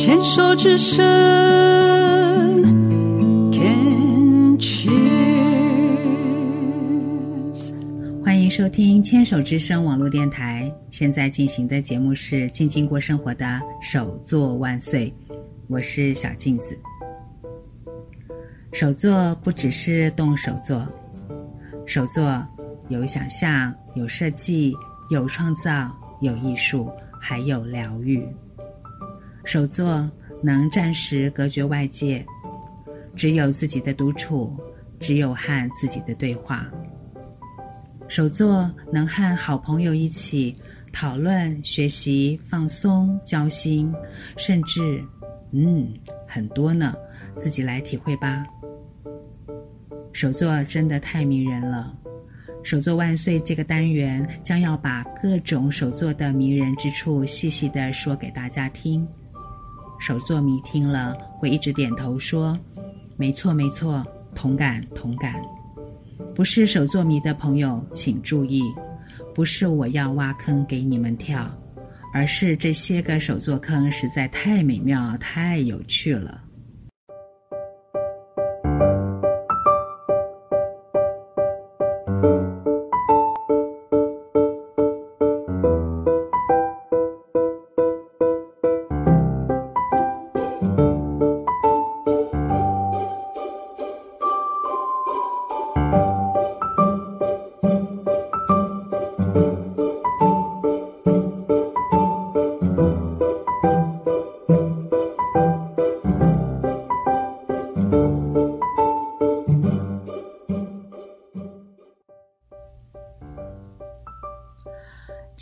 牽手之聲，Can Cheers，歡迎收聽牽手之聲網絡電台。現在進行的節目是《靜靜過生活》的手作萬歲，我是小鏡子。手作不只是動手做，手作有想象，有設計，有創造，有藝術，還有療癒。手作能暫時隔絕外界，只有自己的獨處，只有和自己的對話。手作能和好朋友一起討論、學習、放鬆、交心，甚至嗯，很多呢，自己來體會吧。手作真的太迷人了，手作萬歲！這個單元將要把各種手作的迷人之處細細的說給大家聽。手作迷聽了會一直點頭說：“沒錯，沒錯，同感，同感。”不是手作迷的朋友請注意，不是我要挖坑給你們跳，而是這些個手作坑實在太美妙，太有趣了。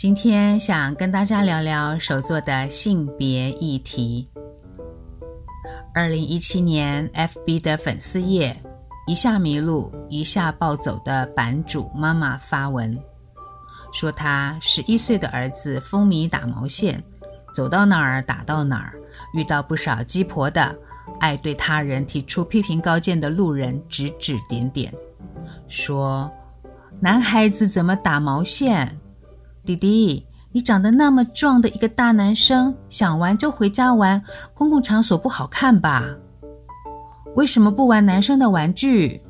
今天想跟大家聊聊手作的性別議題。二零一七年，FB 的粉絲頁一下迷路，一下暴走的版主媽媽發文，說他十一歲的兒子風靡打毛線，走到哪兒打到哪兒，遇到不少雞婆的、愛對他人提出批評高見的路人指指點點，說男孩子怎麼打毛線？弟弟，你長得那麼壯的一個大男生，想玩就回家玩，公共場所不好看吧？為什麼不玩男生的玩具？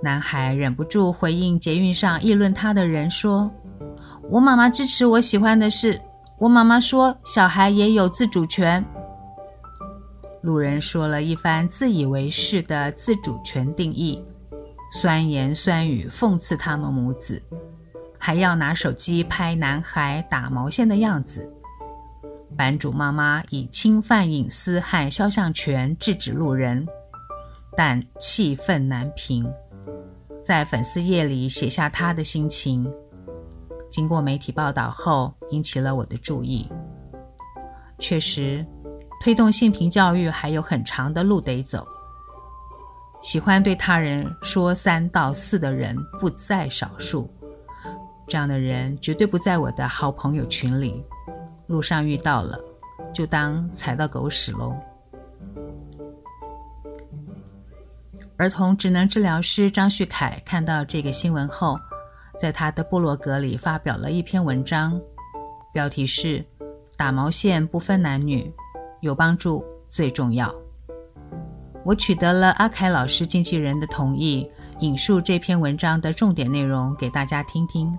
男孩忍不住回應捷運上議論他的人說：“我媽媽支持我喜歡的事。”我媽媽說：“小孩也有自主權。”路人說了一番自以為是的自主權定義，酸言酸語諷刺他們母子。還要拿手機拍男孩打毛線的樣子，版主媽媽以侵犯隱私和肖像權制止路人，但氣憤難平，在粉絲頁裡寫下他的心情。經過媒體報道後，引起了我的注意。確實，推動性平教育還有很長的路得走。喜歡對他人說三道四的人不在少數。這樣的人絕對不在我的好朋友群裡。路上遇到了，就當踩到狗屎嘍。兒童職能治療師張旭鎧看到這個新聞後，在他的部落格裡發表了一篇文章，標題是“打毛線不分男女，有幫助最重要”。我取得了阿鎧老師經紀人的同意，引述這篇文章的重點內容給大家聽聽。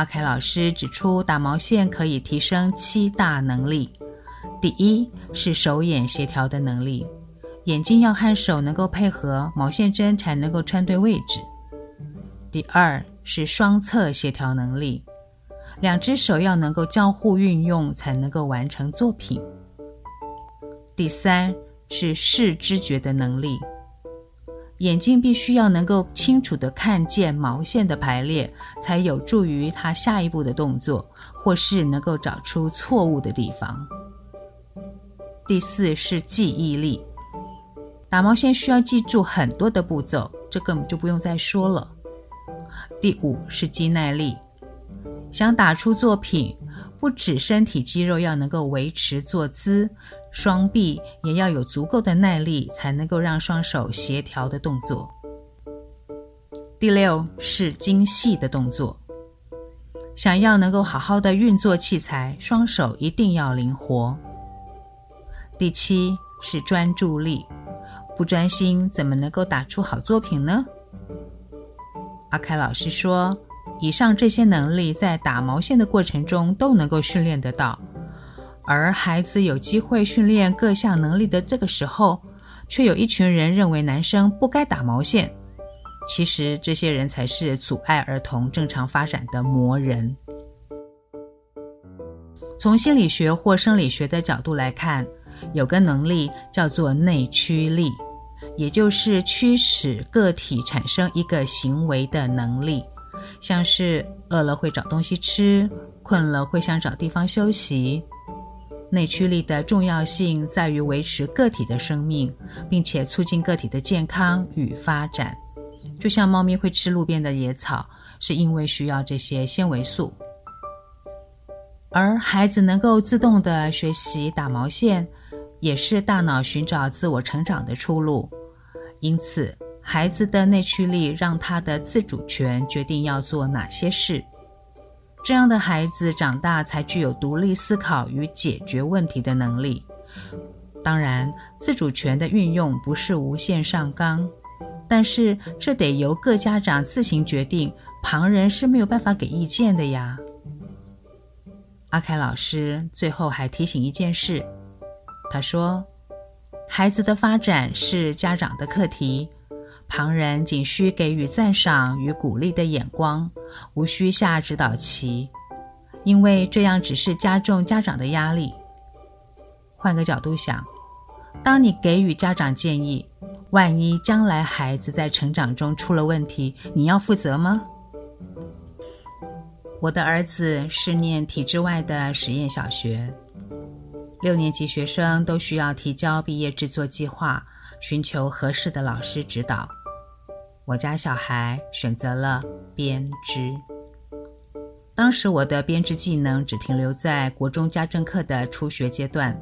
阿鎧老師指出，打毛線可以提升七大能力。第一是手眼協調的能力，眼睛要和手能夠配合，毛線針才能夠穿對位置。第二是雙側協調能力，兩隻手要能夠交互運用，才能夠完成作品。第三是視知覺的能力。眼睛必須要能夠清楚地看見毛線的排列，才有助於他下一步的動作，或是能夠找出錯誤的地方。第四是記憶力，打毛線需要記住很多的步驟，這個我們就不用再說了。第五是肌耐力，想打出作品，不止身體肌肉要能夠維持坐姿。雙臂也要有足夠的耐力，才能夠讓雙手協調的動作。第六是精細的動作，想要能夠好好的運作器材，雙手一定要靈活。第七是專注力，不專心怎麼能夠打出好作品呢？阿鎧老師說，以上這些能力在打毛線的過程中都能夠訓練得到。而孩子有機會訓練各項能力的這個時候，卻有一群人認為男生不該打毛線。其實這些人才是阻礙兒童正常發展的魔人。從心理學或生理學的角度來看，有個能力叫做內驅力，也就是驅使個體產生一個行為的能力，像是餓了會找東西吃，困了會想找地方休息。內驅力的重要性在於維持個體的生命，並且促進個體的健康與發展。就像貓咪會吃路邊的野草，是因為需要這些纖維素。而孩子能夠自動的學習打毛線，也是大腦尋找自我成長的出路。因此，孩子的內驅力讓他的自主權決定要做哪些事。這樣的孩子長大才具有獨立思考與解決問題的能力。當然，自主權的運用不是無限上綱，但是這得由各家長自行決定，旁人是沒有辦法給意見的呀。阿凱老師最後還提醒一件事，他說：“孩子的發展是家長的課題。”旁人僅需給予讚賞與鼓勵的眼光，無需下指導棋，因為這樣只是加重家長的壓力。換個角度想，當你給予家長建議，萬一將來孩子在成長中出了問題，你要負責嗎？我的兒子是念體制外的實驗小學，六年級學生都需要提交畢業制作計劃，尋求合適的老師指導。我家小孩選擇了編織。當時我的編織技能只停留在國中家政課的初學階段，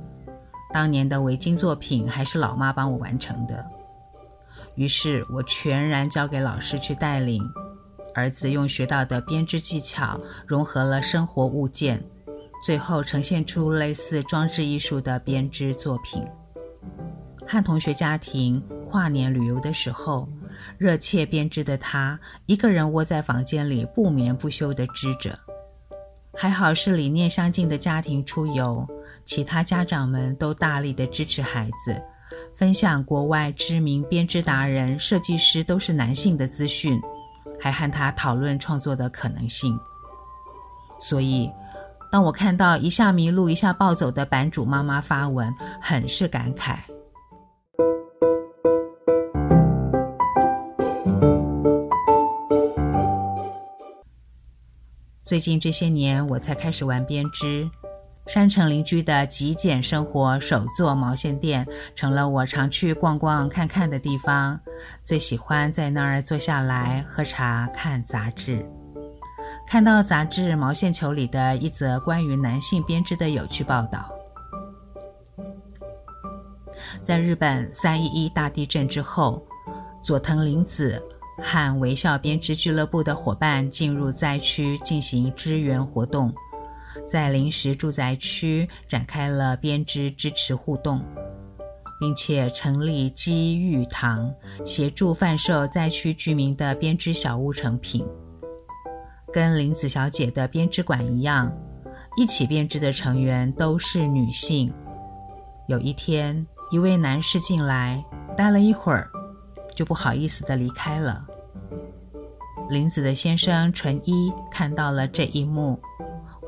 當年的圍巾作品還是老媽幫我完成的。於是我全然交給老師去帶領。兒子用學到的編織技巧，融合了生活物件，最後呈現出類似裝置藝術的編織作品。和同學家庭跨年旅遊的時候，熱切編織的他，一個人窩在房間裡不眠不休地織着。還好是理念相近的家庭出遊，其他家長們都大力的支持孩子，分享國外知名編織達人、設計師都是男性的資訊，還和他討論創作的可能性。所以，當我看到一下迷路、一下暴走的版主媽媽發文，很是感慨。最近這些年，我才開始玩編織。山城鄰居的極簡生活手作毛線店成了我常去逛逛看看的地方。最喜歡在那兒坐下來喝茶、看雜誌。看到雜誌《毛線球》裡的一則關於男性編織的有趣報道。在日本三一一大地震之後，佐藤林子。和微笑編織俱樂部的伙伴進入災區進行支援活動，在臨時住宅區展開了編織支持互動，並且成立機遇堂，協助販售災區居民的編織小物成品。跟林子小姐的編織館一樣，一起編織的成員都是女性。有一天，一位男士進來，待了一會兒，就不好意思的離開了。林子的先生淳一看到了這一幕，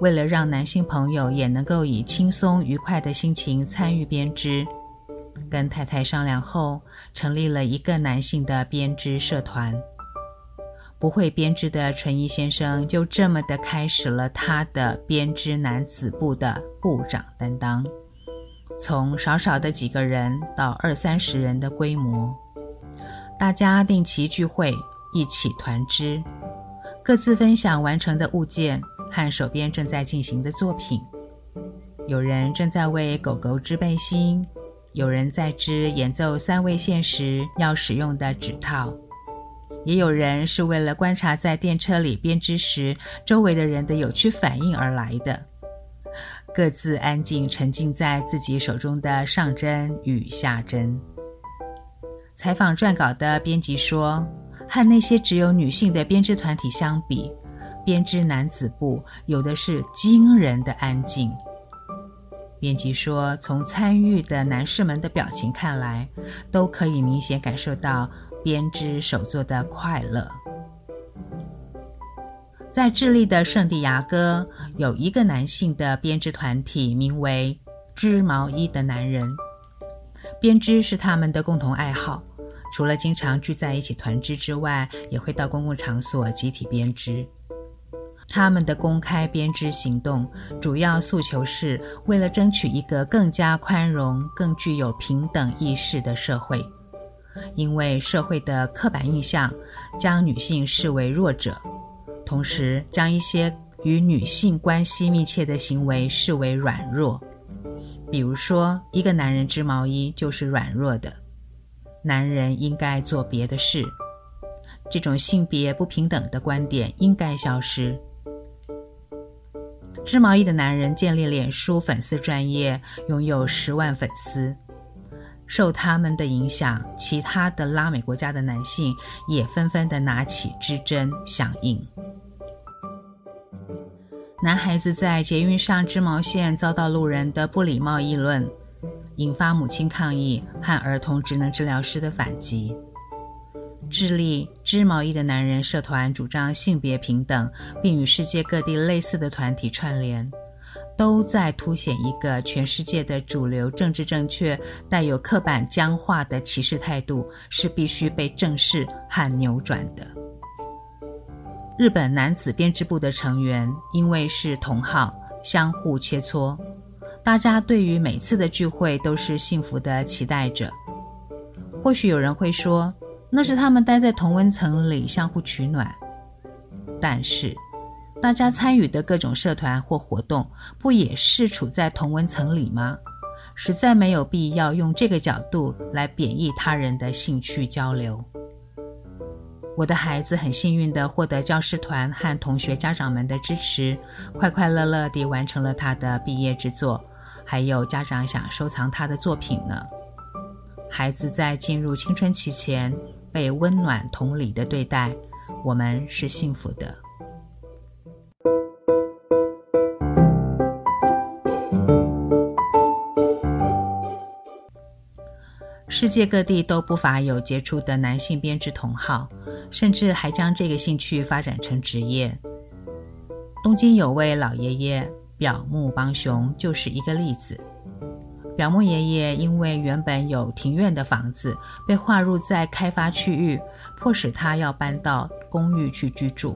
為了讓男性朋友也能夠以輕鬆愉快的心情參與編織，跟太太商量後，成立了一個男性的編織社團。不會編織的淳一先生就這麼的開始了他的編織男子部的部長擔當，從少少的幾個人到二三十人的規模，大家定期聚會。一起團織，各自分享完成的物件和手邊正在進行的作品。有人正在為狗狗織背心，有人在織演奏三味線時要使用的指套，也有人是為了觀察在電車裡編織時周圍的人的有趣反應而來的。各自安靜，沉浸在自己手中的上針與下針。採訪撰稿的編輯說。和那些只有女性的編織團體相比，編織男子部有的是驚人的安靜。編輯說，從參與的男士們的表情看來，都可以明顯感受到編織手作的快樂。在智利的聖地牙哥，有一個男性的編織團體，名為“織毛衣的男人”，編織是他們的共同愛好。除了經常聚在一起團織之外，也會到公共場所集體編織。他們的公開編織行動主要訴求是為了爭取一個更加寬容、更具有平等意識的社會。因為社會的刻板印象將女性視為弱者，同時將一些與女性關係密切的行為視為軟弱，比如說一個男人織毛衣就是軟弱的。男人應該做別的事。這種性別不平等的觀點應該消失。織毛衣的男人建立臉書粉絲專頁，擁有十萬粉絲。受他們的影響，其他的拉美國家的男性也紛紛的拿起織針響應。男孩子在捷運上織毛線，遭到路人的不禮貌議論。引發母親抗議和兒童職能治療師的反擊智利。智利織毛衣的男人社團主張性別平等，並與世界各地類似的團體串聯，都在凸顯一個全世界的主流政治正確，帶有刻板僵化的歧視態度，是必須被正視和扭轉的。日本男子編織部的成員因為是同好，相互切磋。大家對於每次的聚會都是幸福的期待着。或許有人會說，那是他們待在同溫層裡相互取暖。但是，大家參與的各種社團或活動，不也是處在同溫層裡嗎？實在沒有必要用這個角度來貶義他人的興趣交流。我的孩子很幸運地獲得教師團和同學家長們的支持，快快樂樂地完成了他的畢業之作。還有家長想收藏他的作品呢。孩子在進入青春期前被溫暖同理的對待，我們是幸福的。世界各地都不乏有傑出的男性編織同好，甚至還將這個興趣發展成職業。東京有位老爺爺。表木邦雄就是一個例子。表木爺爺因為原本有庭院的房子被劃入在開發區域，迫使他要搬到公寓去居住。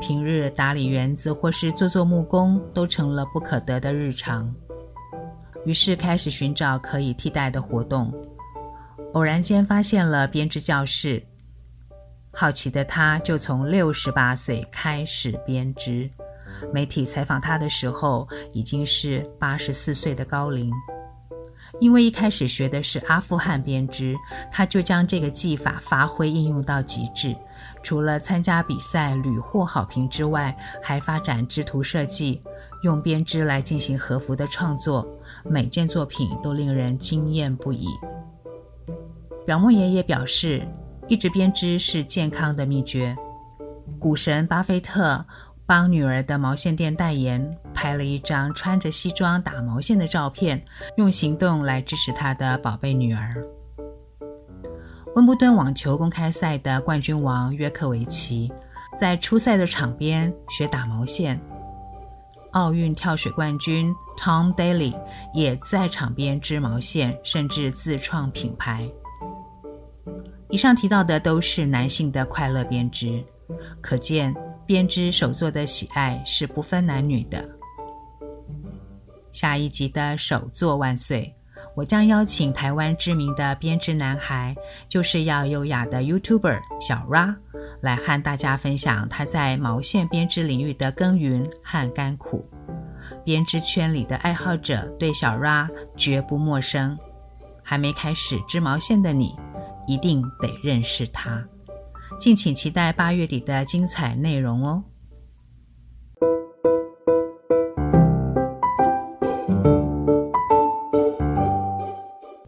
平日打理園子或是做做木工，都成了不可得的日常。於是開始尋找可以替代的活動。偶然間發現了編織教室，好奇的他就從六十八歲開始編織。媒體採訪他的時候，已經是八十四歲的高齡。因為一開始學的是阿富汗編織，他就將這個技法發揮應用到極致。除了參加比賽屢獲好評之外，還發展織圖設計，用編織來進行和服的創作，每件作品都令人驚艷不已。表木爺爺表示，一直編織是健康的秘訣。股神巴菲特。幫女兒的毛線店代言，拍了一張穿着西裝打毛線的照片，用行動來支持她的寶貝女兒。溫布頓網球公開賽的冠軍王約克維奇，在出賽的場邊學打毛線；奧運跳水冠軍 Tom Daley 也在場邊織毛線，甚至自創品牌。以上提到的都是男性的快樂編織，可見，編織手作的喜愛是不分男女的。下一集的“手作萬歲”，我將邀請台灣知名的編織男孩，就是要優雅的 YouTuber 小 Ra，來和大家分享他在毛線編織領域的耕耘和甘苦。編織圈裡的愛好者對小 Ra 絕不陌生，還沒開始織毛線的你，一定得認識他。敬請期待八月底的精彩內容哦！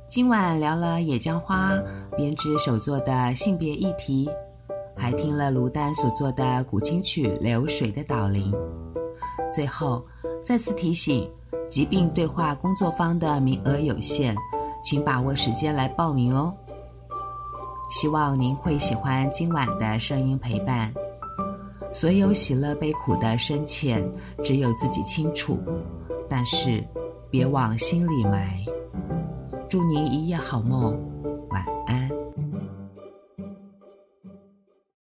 今晚聊了野薑花編織手作的性別議題，還聽了盧丹所做的古琴曲《流水》的導聆。最後再次提醒，疾病對話工作坊的名額有限，請把握時間來報名哦！希望您會喜歡今晚的聲音陪伴。所有喜樂悲苦的深淺，只有自己清楚，但是別往心裡埋。祝您一夜好夢。